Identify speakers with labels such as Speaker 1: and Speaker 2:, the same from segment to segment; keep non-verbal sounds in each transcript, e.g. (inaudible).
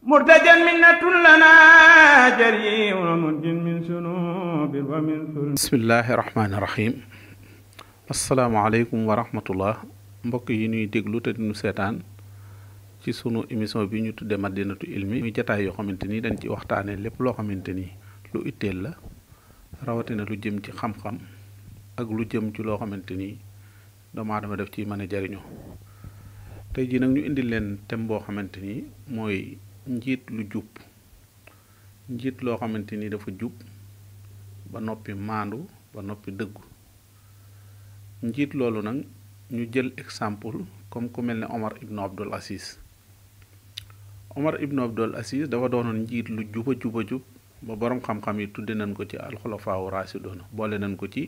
Speaker 1: murtajan minnatun lana jari wa munjin min sunubin wa min mbokk yi nuy déglu te dinu seetaan ci sunu émission bi ñu tuddee madinatu ilmi muy jataay yoo xamante ni dañ ci waxtaanee lépp loo xamante ni lu itteel la rawatina lu jëm ci xam-xam ak lu jëm ci loo xamante ni doomu aadama def ci mën a jariñoo tey jii nag ñu indil leen thème boo xamante ni mooy njiit lu jub njiit loo xamante ni dafa jub ba noppi maandu ba noppi dëggu njiit loolu nag ñu jël exemple comme ku mel ne Omar ibn Abdul Aziz Omar ibn dafa doonoon njiit lu juba juba jub ba boroom xam-xam yi tudde nañ ko ci alxulafaawu raasidoona boole nañ ko ci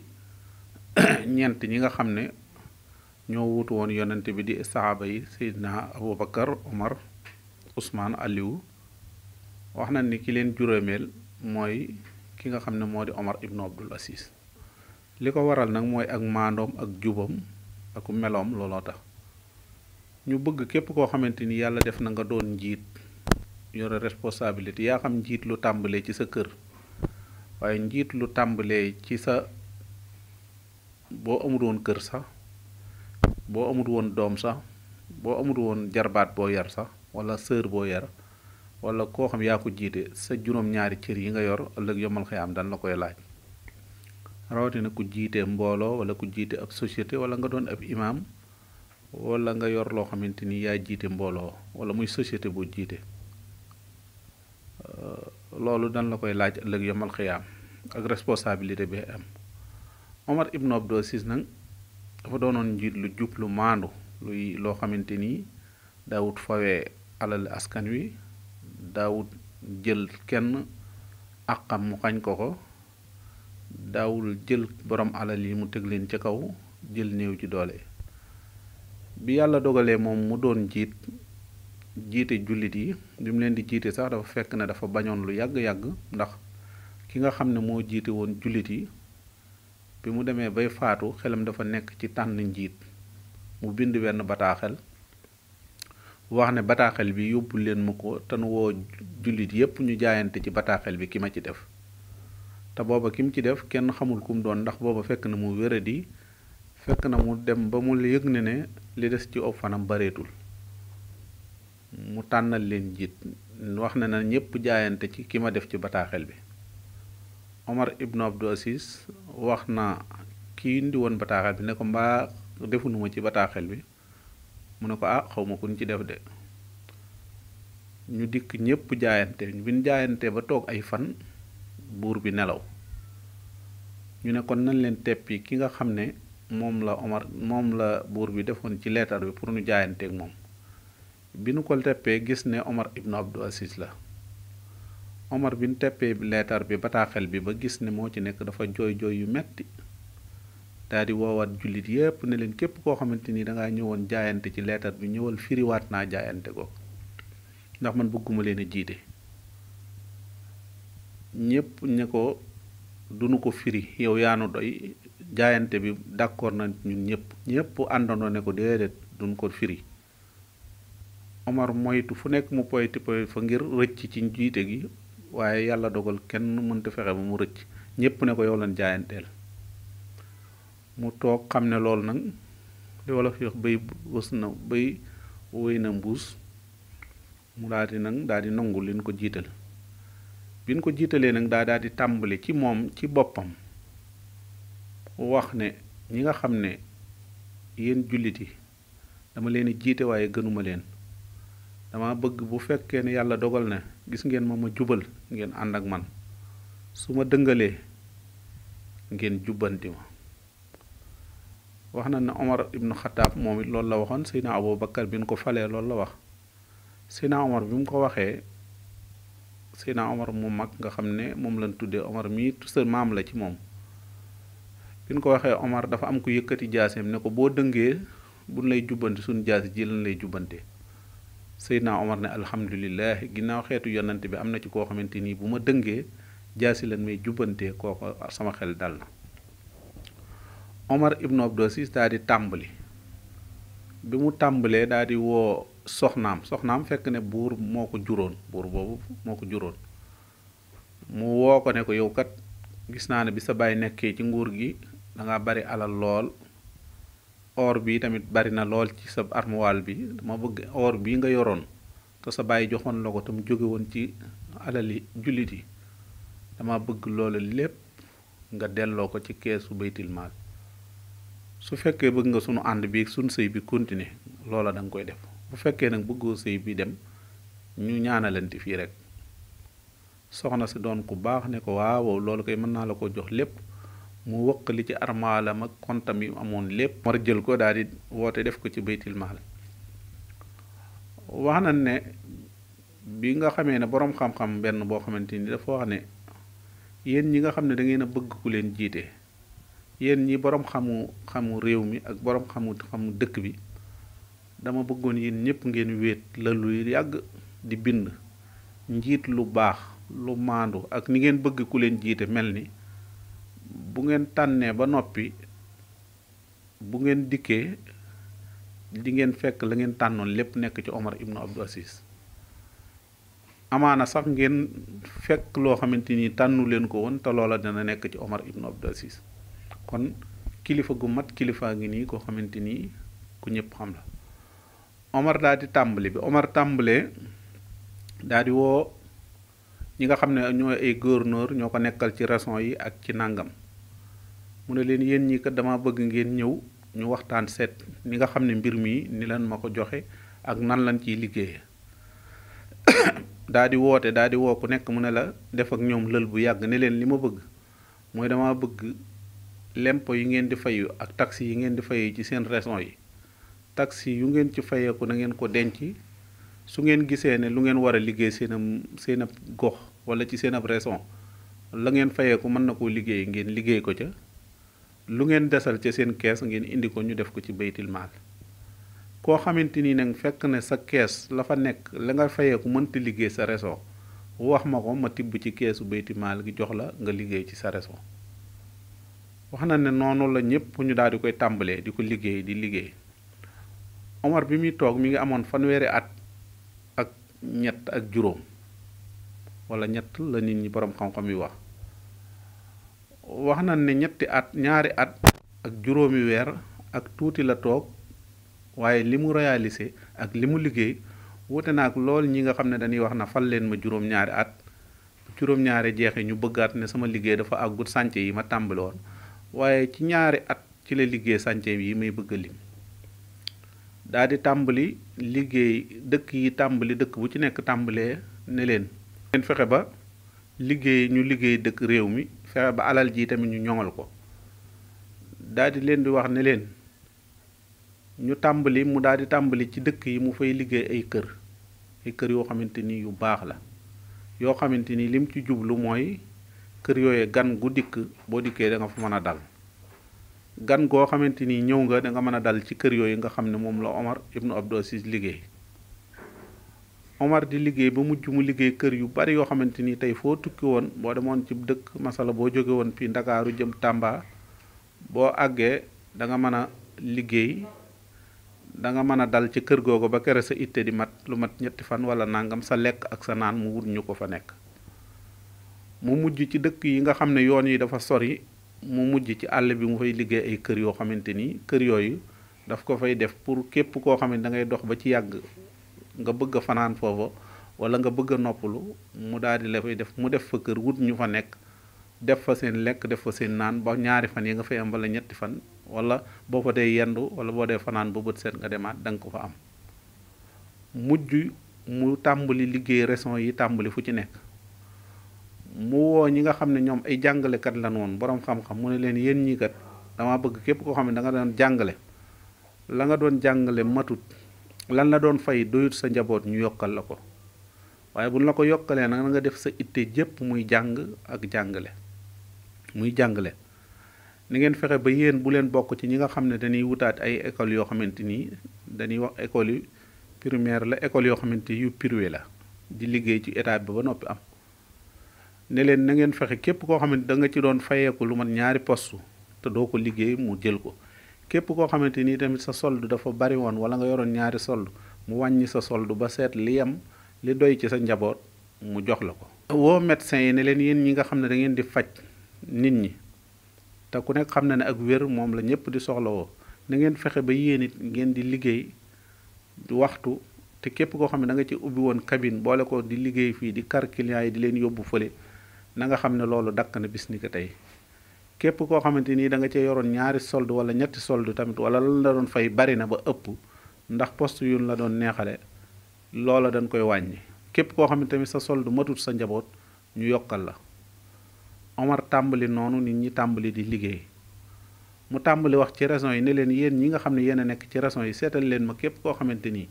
Speaker 1: (coughs) ñent ñi nga xam ne ñoo wutu woon yonent bi di saxaaba yi Seydina Abu Bakar Omar Ousmane Aliou wax na ni ki leen juróomeel mooy ki nga xam ne moo di Omar ibnu Abdul Aziz li ko waral nag mooy ak maandoom ak jubam aku meloom looloo tax ñu bëgg képp koo xamante ni yàlla def na nga doon njiit yore responsabilité yaa xam njiit lu tàmbalee ci sa kër waaye njiit lu tàmbalee ci sa boo amul woon kër sax boo amul woon doom sax boo amul woon jarbaat boo yar sax wala sœur boo yar wala koo xam yaa ko jiite sa juróom-ñaari cër yi nga yor ëllëg yomal xiyaam dan la koy laaj rawatina ku jiite mbooloo wala ku jiite ab société wala nga doon ab imaam wala nga yor loo xamante ni yaa jiite mbooloo wala muy société boo jiite euh, loolu dan la koy laaj ëllëg yomal xiyaam ak responsabilité bi am Omar Ibn Abdou nag dafa doonoon njiit lu jub lu maandu loo xamante ni daawut fawee alal askan wi daawut jël kenn àqam mu xañ ko ko daawul jël borom alal yi mu teg leen ca kaw jël néew ci doole bi yàlla dogalee moom mu doon njiit jiite jullit yi bi mu leen di jiite sax dafa fekk na dafa bañoon lu yàgg-yàgg ndax ki nga xam ne moo jiite woon jullit yi bi mu demee bay faatu xelam dafa nekk ci tànn njiit mu bind wenn bataaxel wax ne bataaxel bi yóbbu leen ma ko te nu woo jullit yépp ñu jaayante ci bataaxel bi ki ma ci def te booba ki mu ci def kenn xamul ku doon ndax booba fekk na mu wéradi fekk na mu dem ba mu yëg na ne li des ci ob fanam bareetul mu tànnal leen jiit wax na na ñépp jaayante ci ki ma def ci bataaxel bi Omar ibn Abdou Aziz wax na kii indi woon bataaxel bi ne ko mbaa defunuma ci bataaxel bi mu ne ko ah xaw ma ku ñu ci def de ñu dikk ñépp jaayante bi ñu jaayante ba toog ay fan buur bi nelaw ñu ne kon nañ leen teppi ki nga xam ne moom la Omar moom la buur bi defoon ci leetar bi pour ñu jaayanteek moom bi nu ko teppee gis ne Omar ibnu Abdou Aziz la Omar bi nu teppee leetar bi bataaxel bi ba gis ne moo ci nekk dafa jooy jooy yu metti daal di woowaat jullit yépp ne leen képp koo xamante ni dangaa ñëwoon jaayante ci leetar bi ñëwal firiwaat naa jaayante ko ndax man bëgguma leen a jiite ñépp ñe ko duñu ko firi yow yaanu doy jaayante bi d'accord na ñun ñépp ñépp àndandoo ne ko déedéet duñ ko firi Omar moytu fu nekk mu poyti poy fa ngir rëcc ci jiite gi waaye yàlla dogal kenn mënta fexe ba mu rëcc ñépp ne ko yow lan jaayanteel mu toog xam ne loolu nag li wolof yi wax bay wës na bay wëy na mbuus mu daal nag daal di nangu liñ ko jiital bin ko jiitalee nag daa daal di tàmbali ci moom ci boppam wax ne ñi nga xam ne yéen jullit yi dama leen di jiite waaye gënuma leen dama bëgg bu fekkee ne yàlla dogal na gis ngeen ma ma jubal ngeen ànd ak man su ma dëngalee ngeen jubbanti ma wax na ne Omar ibnu Xataab moom it loolu la waxoon Seydina Abu Bakar bi ñu ko falee loolu la wax Seydina Omar bi mu ko waxee Seydina Omar mu mag nga xam ne moom lañ tuddee Omar mii sa maam la ci moom bi ñu ko waxee Omar dafa am ku yëkkati jaaseem ne ko boo dëngee buñ lay jubbanti suñu jaasi ji lañ lay jubbante Seydina Omar ne alhamdulilah ginnaaw xeetu yonante bi am na ci koo xamante nii bu ma dëngee jaasi leen may jubbante kooko sama xel dal na Omar ibn Abdosis daal di tàmbali bi mu tàmbalee daal di woo soxnaam soxnaam fekk ne buur moo ko juróon buur boobu moo ko juróon mu woo ko ne ko yow kat gis naa ne bi sa baay nekkee ci nguur gi danga bari alal lool or bii tamit bari na lool ci sa armuwaal bi dama bëgg or bii nga yoroon te sa baay joxoon la ko tam jóge woon ci alali jullit yi dama bëgg loolu lépp nga delloo ko ci keesu baytil maal su fekkee bëgg nga sunu ànd bi sunu sëy bi continuer loola danga koy def bu fekkee nag bëggoo sëy bi dem ñu ñaanalante fii rek soxna si doon ku baax ne ko waaw loolu koy mën naa la ko jox lépp mu wëq li ci armaalam ak kontam yi amoon lépp mar jël ko daal di woote def ko ci baytil maal wax na ne bi nga xamee ne boroom xam-xam benn boo xamante ni dafa wax ne yéen ñi nga xam ne da ngeen a bëgg ku leen jiite yéen ñi boroom xamu xamu réew mi ak boroom xamu xamu dëkk bi dama bëggoon yéen ñépp ngeen wéet la luy yàgg di bind njiit lu baax lu maandu ak ni ngeen bëgg ku leen jiite mel ni bu ngeen tànnee ba noppi bu ngeen dikkee di ngeen fekk la ngeen tànnoon lépp nekk ci Omar Ibn Abdou Aziz amaana sax ngeen fekk loo xamante nii tànnu leen ko woon te loola dana nekk ci Omar Ibn Abdou Aziz kon kilifa gu mat kilifaa ngi nii koo xamante ni ku ñépp xam la Omar daal di tàmbali bi Omar tàmbalee daal di woo ñi nga xam ne ñooy ay gouverneur ñoo ko nekkal ci rason yi ak ci nàngam mu ne leen yéen ñi kat dama bëgg ngeen ñëw ñu waxtaan seet ni nga xam ne mbir mii ni lan ma ko joxe ak nan lan ciy liggéeye (coughs) daa di woote daa di woo ku nekk mu ne la def ak ñoom lël bu yàgg ni leen li ma bëgg mooy dama bëgg lempo yi ngeen di fayu ak taxes yi ngeen di fayee ci seen raison yi taxes yu ngeen ci fayeeku na ngeen ko denc su ngeen gisee ne lu ngeen war a liggéey seenam seen ab gox wala ci seen ab raison la ngeen fayeeku mën na koo liggéey ngeen liggéey ko ca lu ngeen desal ca seen kees ngeen indi ko ñu def ko ci baytil koo xamante ni nag fekk ne sa kees la fa nekk la nga fayeeku mënta liggéey sa raison wax ma ko ma tibb ci keesu baytil maal gi jox la nga liggéey ci sa raison wax na ne noonu la ñëpp ñu daal di koy tàmbalee di ko liggéey di liggéey Omar bi muy toog mi ngi amoon fanweeri at ak ñett ak juróom wala ñett la nit ñi boroom xam-xam yi wax wax na ne ñetti at ñaari at ak juróomi weer ak tuuti la toog waaye li mu réalisé ak li mu liggéey wuute na ak lool ñi nga xam ne dañuy wax na fal leen ma juróom-ñaari at juróom-ñaari jeexe ñu bëggaat ne sama liggéey dafa àggut sànce yi ma tàmbali woon waaye ci ñaari at ci la liggéey chantier yi may bëgg lim daldi tàmbali liggéey dëkk yi tàmbali dëkk bu ci nekk tàmbalee ne leen. fexe ba liggéey ñu liggéey dëkk réew mi fexe ba alal ji tamit ñu ñoŋal ko daldi leen di wax ne leen ñu tàmbali mu daal tàmbali ci dëkk yi mu fay liggéey ay kër ay kër yoo xamante ni yu baax la yoo xamante ni lim ci jublu mooy. kër yooyee gan gu dikk boo dikkee da nga fa mën a dal gan goo xamante ni ñëw nga danga nga mën a dal ci kër yooyu nga xam ne moom la Omar ibnu Abdou Aziz liggéey Omar di liggéey ba mujj mu liggéey kër yu bari yoo xamante ni tey foo tukki woon boo demoon cib dëkk masala boo jóge woon fii Ndakaaru jëm Tàmba boo àggee danga nga mën a liggéey danga nga mën a dal ci kër googu ba kere sa itte di mat lu mat ñetti fan wala nangam sa lekk ak sa naan mu wut ñu ko fa nekk mu mujj ci dëkk yi nga xam ne yoon yi dafa sori mu mujj ci àll bi mu fay liggéey ay kër yoo xamante ni kër yooyu daf ko fay def pour képp koo xam ne da ngay dox ba ci yàgg nga bëgg fanaan foofa wala nga bëgg a noppalu mu daal di la fay def mu def fa kër wut ñu fa nekk def fa seen lekk def fa seen naan ba ñaari fan yi nga fay am wala ñetti fan wala boo fa dee yendu wala boo dee fanaan ba bët seet nga demaat danga ko fa am mujj mu tàmbali liggéey raison yi tàmbali fu ci nekk. mu woo ñi nga xam ne ñoom ay jàngalekat la noonu borom xam-xam mu ne leen yéen ñii kat dama bëgg képp koo xam ne danga doon jàngale la nga doon jàngale matut lan la doon fay doyut sa njaboot ñu yokkal la ko waaye buñ la ko yokkalee nag nga def sa itte jëpp muy jàng ak jàngale muy jàngale ni ngeen fexe ba yéen bu leen bokk ci ñi nga xam ne dañuy wutaat ay école yoo xamante ni dañuy wax école yu primaire la école yoo xamante yu privé la di liggéey ci état bi ba noppi am ne leen na ngeen fexe képp koo xamante da nga ci doon fayeeku lu mat ñaari postu te doo ko liggéey mu jël ko képp koo xamante ni tamit sa soldu dafa bari woon wala nga yoroon ñaari soldu mu wàññi sa soldu ba seet li yem li doy ci sa njaboot mu jox la ko. woo médecin yi ne leen yéen ñi nga xam ne da ngeen di faj nit ñi te ku nekk xam na ne ak wér moom la ñëpp di soxlawoo na ngeen fexe ba yéen it ngeen di liggéey waxtu te képp koo xam ne da nga ci ubbi woon cabine boole ko di liggéey fii di kar client di leen yóbbu fële. na nga xam ne loolu dakk na bis ni tey képp koo xamante nii da nga cee yoroon ñaari solde wala ñetti solde tamit wala lan la doon fay bari na ba ëpp ndax post yun la doon neexale loola dañ koy wàññi képp koo xam ne tamit sa solde matut sa njaboot ñu yokkal la Omar tàmbali noonu nit ñi tàmbali di liggéey mu tàmbali wax ci raison yi ne leen yéen ñi nga xam ne yéen a nekk ci raison yi seetal leen ma képp koo xamante nii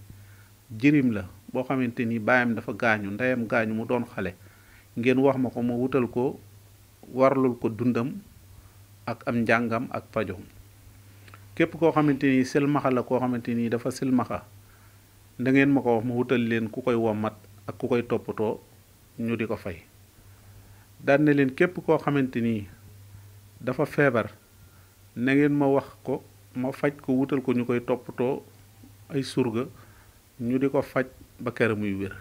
Speaker 1: jërim la boo xamante nii baayam dafa gaañu ndeyam gaañu mu doon xale ngeen wax ma ko ma wutal ko warlul ko dundam ak am njàngam ak pajom képp koo xamante ni silmaxa la koo xamante nii dafa silmaxa da ngeen ma ko wax ma wutal leen ku koy wommat ak ku koy toppatoo ñu di ko fay daan leen képp koo xamante ni dafa feebar na ngeen ma wax ko ma faj ko wutal ko ñu koy toppatoo ay surga ñu di ko faj ba kera muy wér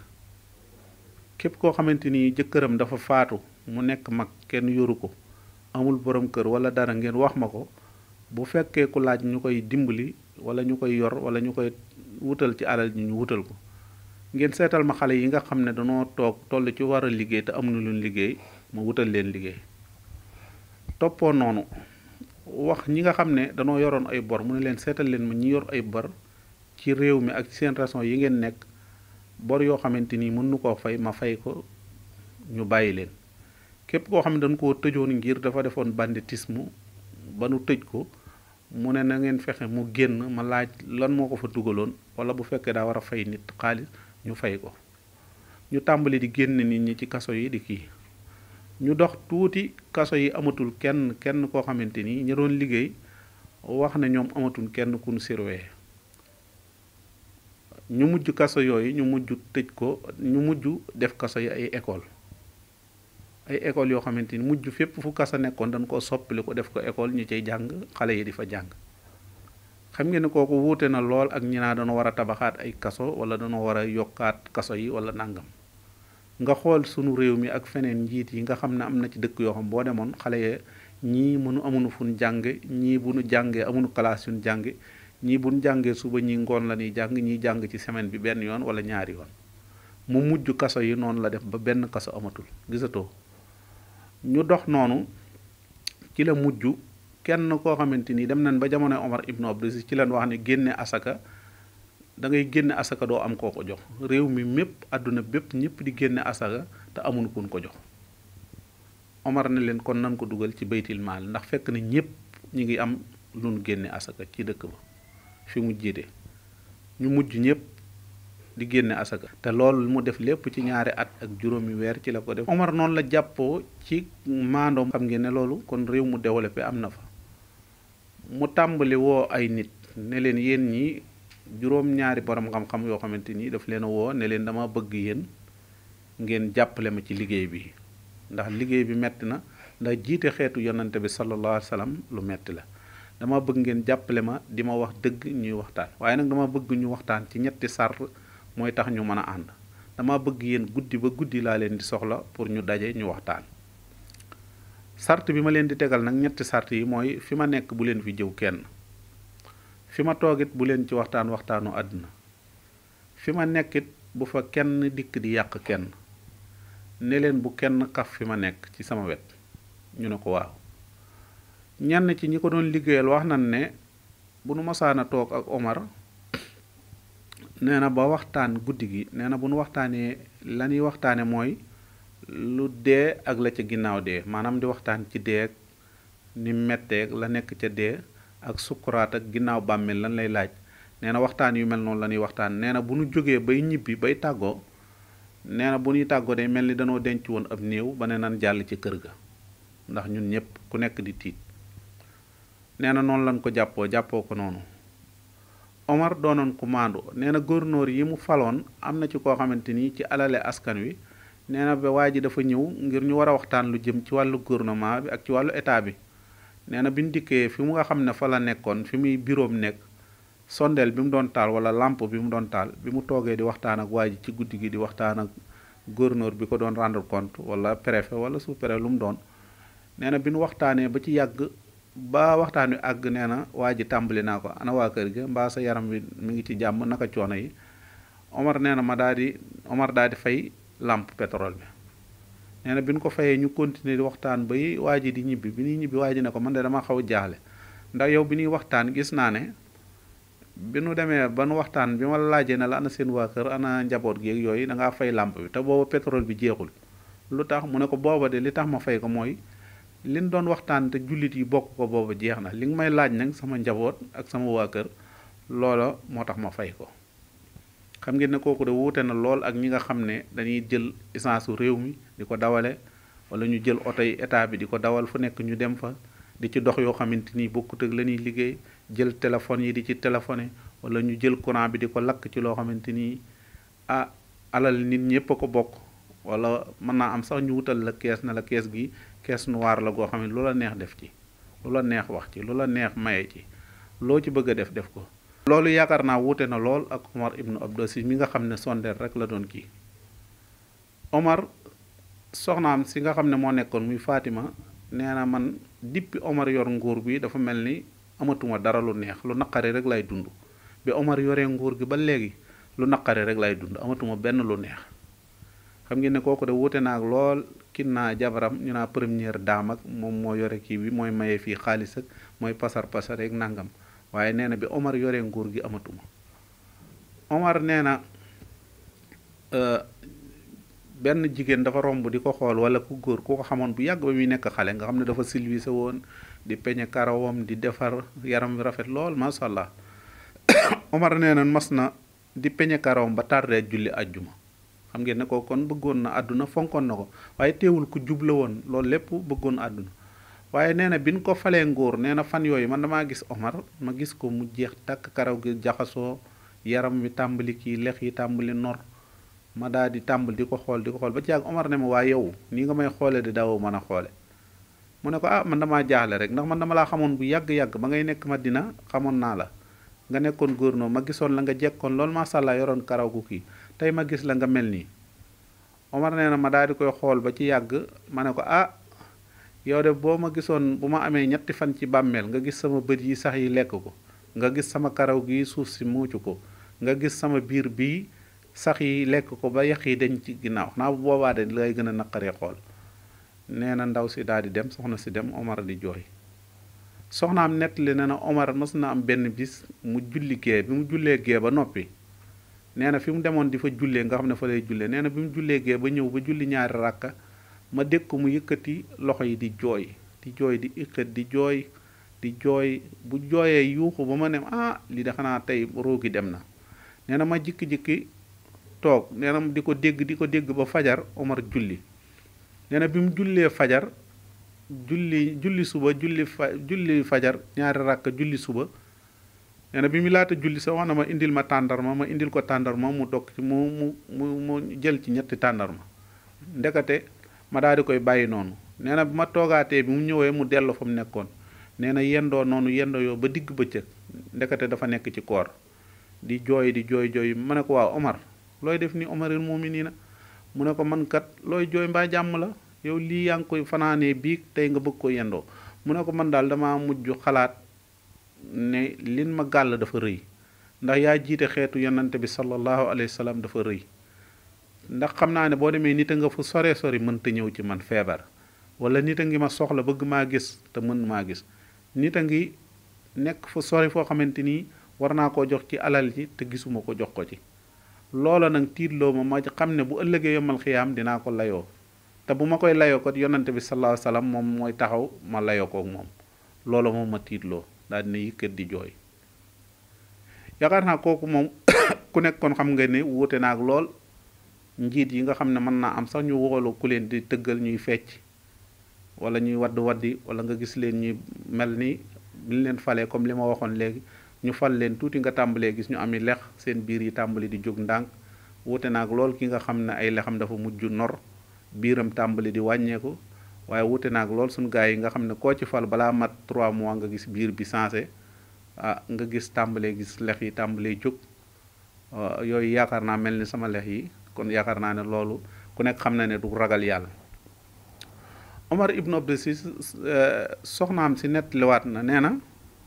Speaker 1: képp koo xamante ni jëkkëram dafa faatu mu nekk mag kenn yoru ko amul borom kër wala dara ngeen wax ma ko bu fekkee ku laaj ñu koy dimbali wala ñu koy yor wala ñu koy wutal ci alal yi ñu wutal ko ngeen seetal ma xale yi nga xam ne danoo toog toll ci war a liggéey te na luñ liggéey ma wutal leen liggéey toppoo noonu wax ñi nga xam ne danoo yoroon ay bor mu ne leen seetal leen ma ñi yor ay bor ci réew mi ak seen raison yi ngeen nekk bor yoo xamante ni mën nu koo fay ma fay ko ñu bàyyi leen képp koo xam ne dañ koo tëjoon ngir dafa defoon banditisme ba nu tëj ko mu ne na ngeen fexe mu génn ma laaj lan moo ko fa dugaloon wala bu fekkee daa war a fay nit xaalis ñu fay ko ñu tàmbali di génn nit ñi ci kaso yi di kii ñu dox tuuti kaso yi amatul kenn kenn koo xamante ni ñi doon liggéey wax ne ñoom amatul kenn ku ñu surveiller ñu mujj kaso yooyu ñu mujj tëj ko ñu mujj def kaso yi ay école ay école yoo xamante ni mujj fépp fu kaso nekkoon dañ koo soppali ko def ko école ñu cay jàng xale yi di fa jàng xam ngeen ne kooku wuute na lool ak ñi naa war a tabaxaat ay kaso wala dañoo war a yokkaat kaso yi wala nangam nga xool sunu réew mi ak feneen njiit yi nga xam ne am na ci dëkk yoo xam boo demoon xale yee ñii mënu amuñu fu jàng ñii bu ñu jàngee amuñu classe yu ñu ñii bu jàngee suba ñi ngoon la jàng ñiy jàng ci semaine bi benn yoon wala ñaari yoon mu mujj kaso yi noonu la def ba benn kaso amatul gisatoo ñu dox noonu ci la mujj kenn koo xamante ni dem nañ ba jamonoy Omar Ibn ci leen wax ne génne asaka dangay ngay génne asaka doo am koo ko jox réew mi mépp àdduna bépp ñëpp di génne asaka te amuñu kun ko jox Omar na leen kon nan ko dugal ci baytil maal ndax fekk na ñëpp ñu ngi am lu nu génne asaka ci dëkk ba. fi mu jiite ñu mujj ñëpp di génne asaka te loolu mu def lépp ci ñaari at ak juróomi weer ci la ko def Omar noonu la jàppoo ci maandoom xam ngeen ne loolu kon réew mu développé am na fa mu tàmbali woo ay nit ne leen yéen ñi juróom-ñaari borom xam-xam yoo xamante ni daf leen a woo ne leen dama bëgg yéen ngeen jàppale ma ci liggéey bi ndax liggéey bi metti na ndax jiite xeetu yonante bi sallallahu alayhi wa lu metti la dama bëgg ngeen jàppale ma di ma wax dëgg ñuy waxtaan waaye nag dama bëgg ñu waxtaan ci ñetti sar mooy tax ñu mën a ànd dama bëgg yéen guddi ba guddi laa leen di soxla pour ñu daje ñu waxtaan sart bi ma leen di tegal nag ñetti sart yi mooy fi ma nekk bu leen fi jëw kenn fi ma toogit bu leen ci waxtaan waxtaanu àdduna fi ma nekkit bu fa kenn dikk di yàq kenn ne leen bu kenn kaf fi ma nekk ci sama wet ñu ne ko waaw ñenn ci ñi ko doon liggéeyal wax nañ ne bu nu a toog ak Omar nee na ba waxtaan guddi gi nee na bu nu waxtaanee la ñuy waxtaane mooy lu dee ak la ca ginnaaw dee maanaam di waxtaan ci dee ak ni metteeg la nekk ca dee ak sukkuraat ak ginnaaw bàmmeel lan lay laaj nee na waxtaan yu mel noonu la ñuy waxtaan nee na bu nu jógee bay ñibbi bay tàggoo nee na bu ñuy tàggoo day mel ni danoo denc woon ab néew ba ne nan jàll ci kër ga ndax ñun ñëpp ku nekk di tiit nee na noonu lañ ko jàppoo jàppoo ko noonu Omar doonoon ku maandu nee na gouverneur yi mu faloon am na ci koo xamante ni ci alale askan wi nee na ba waa ji dafa ñëw ngir ñu war a waxtaan lu jëm ci wàllu gouvernement bi ak ci wàllu état bi nee na bi ñu dikkee fi mu nga xam ne fa la nekkoon fi muy biroom nekk sondeel bi mu doon taal wala lampe bi mu doon taal bi mu toogee di waxtaan ak waa ji ci guddi gi di waxtaan ak gouverneur bi ko doon rend compte wala préfet wala sous lu mu doon ba waxtaan wi àgg nee na waa ji tàmbali naa ko ana waa kër ga mbaa sa yaram wi mi ngi ci jàmm naka coono yi Omar nee na ma daal Omar daal di fay lampe pétrole bi nee na bi nu ko fayee ñu continuer di waxtaan ba waa ji di ñibbi bi ñuy ñibbi waa ji ne ko man de dama xaw a jaaxle ndax yow bi ñuy waxtaan gis naa ne bi nu demee ba nu waxtaan bi ma laajee ne la ana seen waa kër ana njaboot gi ak yooyu da ngaa fay làmp bi te boobu pétrole bi jeexul lu tax mu ne ko booba de li tax ma fay ko mooy. liñ doon waxtaan te jullit yi bokk ko boobu jeex na li nga may laaj nag sama njaboot ak sama waa kër loola moo tax ma fay ko xam ngeen ne kooku de wuute na lool ak ñi nga xam ne dañuy jël essence réew mi di ko dawale wala ñu jël oto yi état bi di ko dawal fu nekk ñu dem fa di ci dox yoo xamante ni bokkut ak la ñuy liggéey jël téléphone yi di ci téléphoné wala ñu jël courant bi di ko lakk ci loo xamante ni ah alal nit ñëpp a ko bokk wala mën naa am sax ñu la kees na la kees gi caisse noire la goo xam ne lu la neex def ci lu la neex wax ci lu la neex maye ci loo ci bëgg def def ko. loolu yaakaar naa wuute na lool ak Omar ibnu Abdou mi nga xam ne sondeel rek la doon kii Omar soxnaam si nga xam ne moo nekkoon muy Fatima nee na man dippi Omar nguur bi dafa mel ni amatuma dara lu neex lu naqari rek lay dund bi Omar nguur gi ba léegi lu naqari rek lay dund amatuma benn lu neex xam ngeen ne kooku de wuute na ak lool. kin naa jabaram ñu naa première dame moom moo yore kii bi mooy maye fii xaalis mooy pasar pasar nangam waaye nee na bi Omar yore nguur gi amatuma Omar nee na euh, benn jigéen dafa romb di ko xool wala ku góor ku ko xamoon bu yàgg ba nekk xale nga xam ne dafa silvise woon di peñe karawam di defar yaram wi rafet lool macha allah (coughs) Omar mas na di peñe karawam ba tardé julli àjjuma xam ngeen ne ko kon bëggoon na àdduna fonkoon na ko waaye teewul ko juble woon loolu lépp bëggoon àdduna waaye nee na bi ko falee nguur nee na fan yooyu man damaa gis Omar ma gis ko mu jeex takk karaw gi jaxasoo yaram wi tàmbali kii lex yi tàmbali nor ma daal di tàmbali di ko xool di ko xool ba ci ak Omar ne ma waa yow nii nga may xoole di dawoo man a xoole mu ne ko ah man damaa jaaxle rek ndax man dama laa xamoon bu yàgg-yàgg ba ngay nekk ma dina xamoon naa la nga nekkoon góor noo ma gisoon la nga jekkoon loolu macha allah yoroon karaw gu kii tey ma gis la nga mel nii Omar nee na ma daal di koy xool ba ci yàgg ma ne ko ah yow de boo ma gisoon bu ma amee ñetti fan ci bàmmeel nga gis sama bët yi sax yi lekk ko nga gis sama karaw gi suuf si muucu ko nga gis sama biir bi sax yi lekk ko ba yax yi dañ ci ginnaaw naa bu boobaa de lay gën a naqaree xool nee na ndaw si daal dem soxna si dem Omar di jooy soxnaam nettali ne na Omar mës na am benn bis mu julli gee bi mu jullee gee ba noppi nee na fi mu demoon di fa jullee nga xam ne fa lay jullee nee na bi mu jullee gee ba ñëw ba julli ñaari ràkka ma dégg ko mu yëkkati loxo yi di jooy di jooy di yëkkat di jooy di jooy bu jooyee yuuxu ba ma ne ah lii de xanaa tey roogi dem na neena ma jikki-jikki toog neena di ko dégg di ko dégg ba fajar Omar julli nee bi mu jullee fajar julli julli suba julli fa julli fajar ñaari ràkka julli suba nee na bi mu laata julli sa wax na ma indil ma tàndarma ma indil ko tàndarma mu dog ci mu mu mu mu jël ci ñetti tàndarma ndekate ma daal di koy bàyyi noonu nee na bi ma toogaatee bi mu ñëwee mu delloo fa mu nekkoon nee na yendoo noonu yendoo yoo ba digg bëccëg ndekate dafa nekk ci koor di jooy di jooy jooy ma ne ko waaw Omar looy def ni nii mu'miniina mu ne ko man kat looy jooy mbaa jàmm la yow lii yaa ngi koy fanaanee biig tey nga bëgg ko yendoo mu ne ko man daal damaa mujj xalaat ne lin ma gàll dafa rëy ndax yaa jiite xeetu yonante bi sallallahu alayhi wa sallam dafa rëy ndax xam naa ne boo demee nit a nga fu sore sori mënta ñëw ci man feebar wala nit a ngi ma soxla bëgg maa gis te mën maa gis nit a ngi nekk fu sori foo xamante ni war naa ko jox ci alal ji te gisuma ko jox ko ci loola nag tiitloo ma ma xam ne bu ëllëgee yomal xiyaam dinaa ko layoo te bu ma koy layoo ko yonante bi sallallahu alayhi moom mooy taxaw ma layoo kook moom loola moom ma tiitloo daal dina yëkkat di jooy yaakaar naa kooku moom (coughs) ku nekkoon xam nga ne wuute ak lool njiit yi nga xam ne mën naa am sax ñu woolu ku leen di tëggal ñuy fecc wala ñuy wadd waddi wala nga gis leen ñuy mel ni liñ leen falee comme li ma waxoon léegi ñu fal leen tuuti nga tàmbalee gis ñu ami lex seen biir yi tàmbali di jóg ndànk wuute ak lool ki nga xam ne ay lexam dafa mujj nor biiram tàmbali di wàññeeku waaye wute naag lool suñu gars yi nga xam ne koo ci fal balaa mat 3 mois nga gis biir bi sensé ah nga gis tàmbalee gis lex yi tàmbalee jóg ah, yooyu yaakaar naa mel ni sama lex yi kon yaakaar naa ne loolu ku nekk xam na ne du ragal yàlla Omar ibn Abd Aziz eh, soxnaam si nettaliwaat na nee na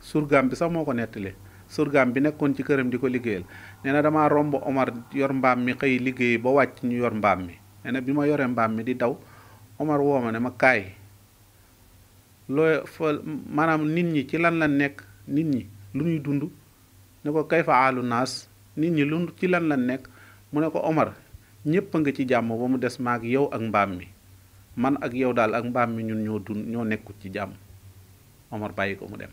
Speaker 1: surgaam bi sax moo ko nettali surgaam bi nekkoon ci këram di ko liggéeyal nee dama romb Omar yor mbaam mi xëy liggéey ba wàcc ñu yor mbaam mi nee bi ma yoree mbaam mi di daw Omar woo ma ne ma kaay looy fa maanaam nit ñi ci lan lan nekk nit ñi lu ñuy dund ne ko kay fa alu naas nit ñi lu ci lan lan nekk mu ne ko Omar ñépp a nga ci jàmm ba mu des ma yow ak mbaam mi man ak yow daal ak mbaam mi ñun ñoo dund ñoo nekkul ci jàmm Omar bàyyi ko mu dem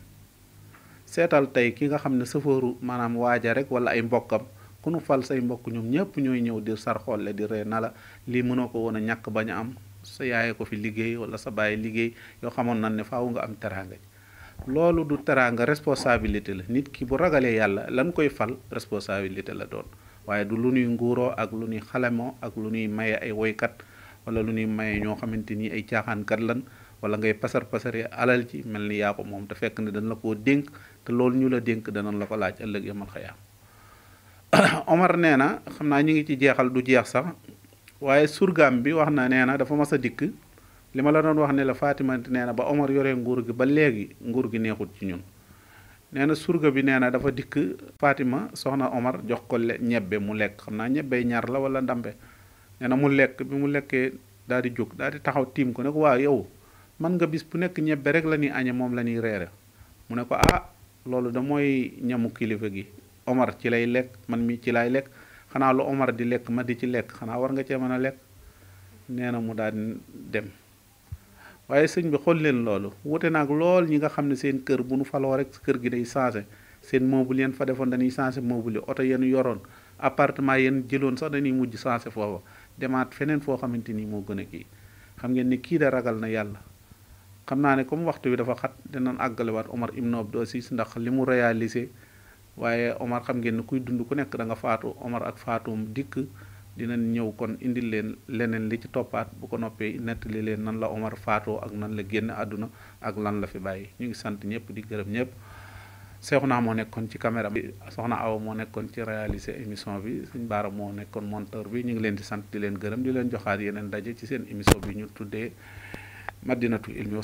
Speaker 1: seetal tey ki nga xam ne sëfooru maanaam waaja rek wala ay mbokkam ku nu fal say mbokk ñoom ñépp ñooy ñëw di sar xolle di ree nala la lii mënoo ko woon a ñàkk bañ a am sa yaay ko fi liggéey wala sa baay liggéey yoo xamoon na ne faaw nga am teraanga loolu du teraanga responsabilité la nit ki bu ragalee yàlla lan koy fal responsabilité la doon waaye du lu nuy nguuroo ak lu ñuy xalemoo ak lu ñuy maye ay woykat wala lu ñuy maye ñoo xamante ni ay caaxaankat lan wala ngay pasar pasare alal ci mel ni yaa ko moom te fekk ne dañ la koo dénk te loolu ñu la dénk danañ la ko laaj ëllëg yamal xayaam (coughs) Omar nee na xam naa du jeex sax waaye surgaam bi wax na nee na dafa mas a dikk li ma la doon wax ne la Fatima nee na ba Omar yoree nguur gi ba léegi nguur gi neexut ci ñun nee na surga bi nee na dafa dikk Fatima soxna Omar jox ko ñebbe mu lekk xam naa ñebbe ñaar la wala ndambe nee na mu lekk bi mu lekkee daal di jóg daal di taxaw tiim ko ne waa yow man nga bis bu nekk ñebbe rek la ñuy añe moom la ñuy reere mu ne ko ah loolu da mooy ñamu kilifa gi Omar ci lay lekk man mi ci lay lekk xanaa lu Omar di lekk ma di ci lekk xanaa war nga cee mën a lekk nee na mu daan dem waaye sëñ bi xool leen loolu wute naag lool ñi nga xam ne seen kër bu nu faloo rek kër gi day changé seen meuble yeen fa defoon dañuy changé meuble oto yeen yoroon appartement yeen jëloon sax dañuy mujj changé foofa demaat feneen foo xamante ni moo gën a kii xam ngeen ni kii da ragal na yàlla xam naa ne comme waxtu bi dafa xat dinañ àggalewaat Omar Ibn Abdou Aziz ndax li mu réalisé waaye Omar xam ngeen ne kuy dund ku nekk danga nga faatu Omar ak faatuum dikk dinañ ñëw kon indil leen leneen li ci toppaat bu ko noppee nettali leen nan la Omar faatoo ak nan la génn àdduna ak lan la fi bàyyi ñu ngi sant ñëpp di gërëm ñëpp na moo nekkoon ci caméra bi soxna Awa moo nekkoon ci réalisé émission bi suñ baara moo nekkoon monteur bi ñu ngi leen di sant di leen gërëm di leen joxaat yeneen daje ci seen émission bi ñu tuddee Madinatul Ilmi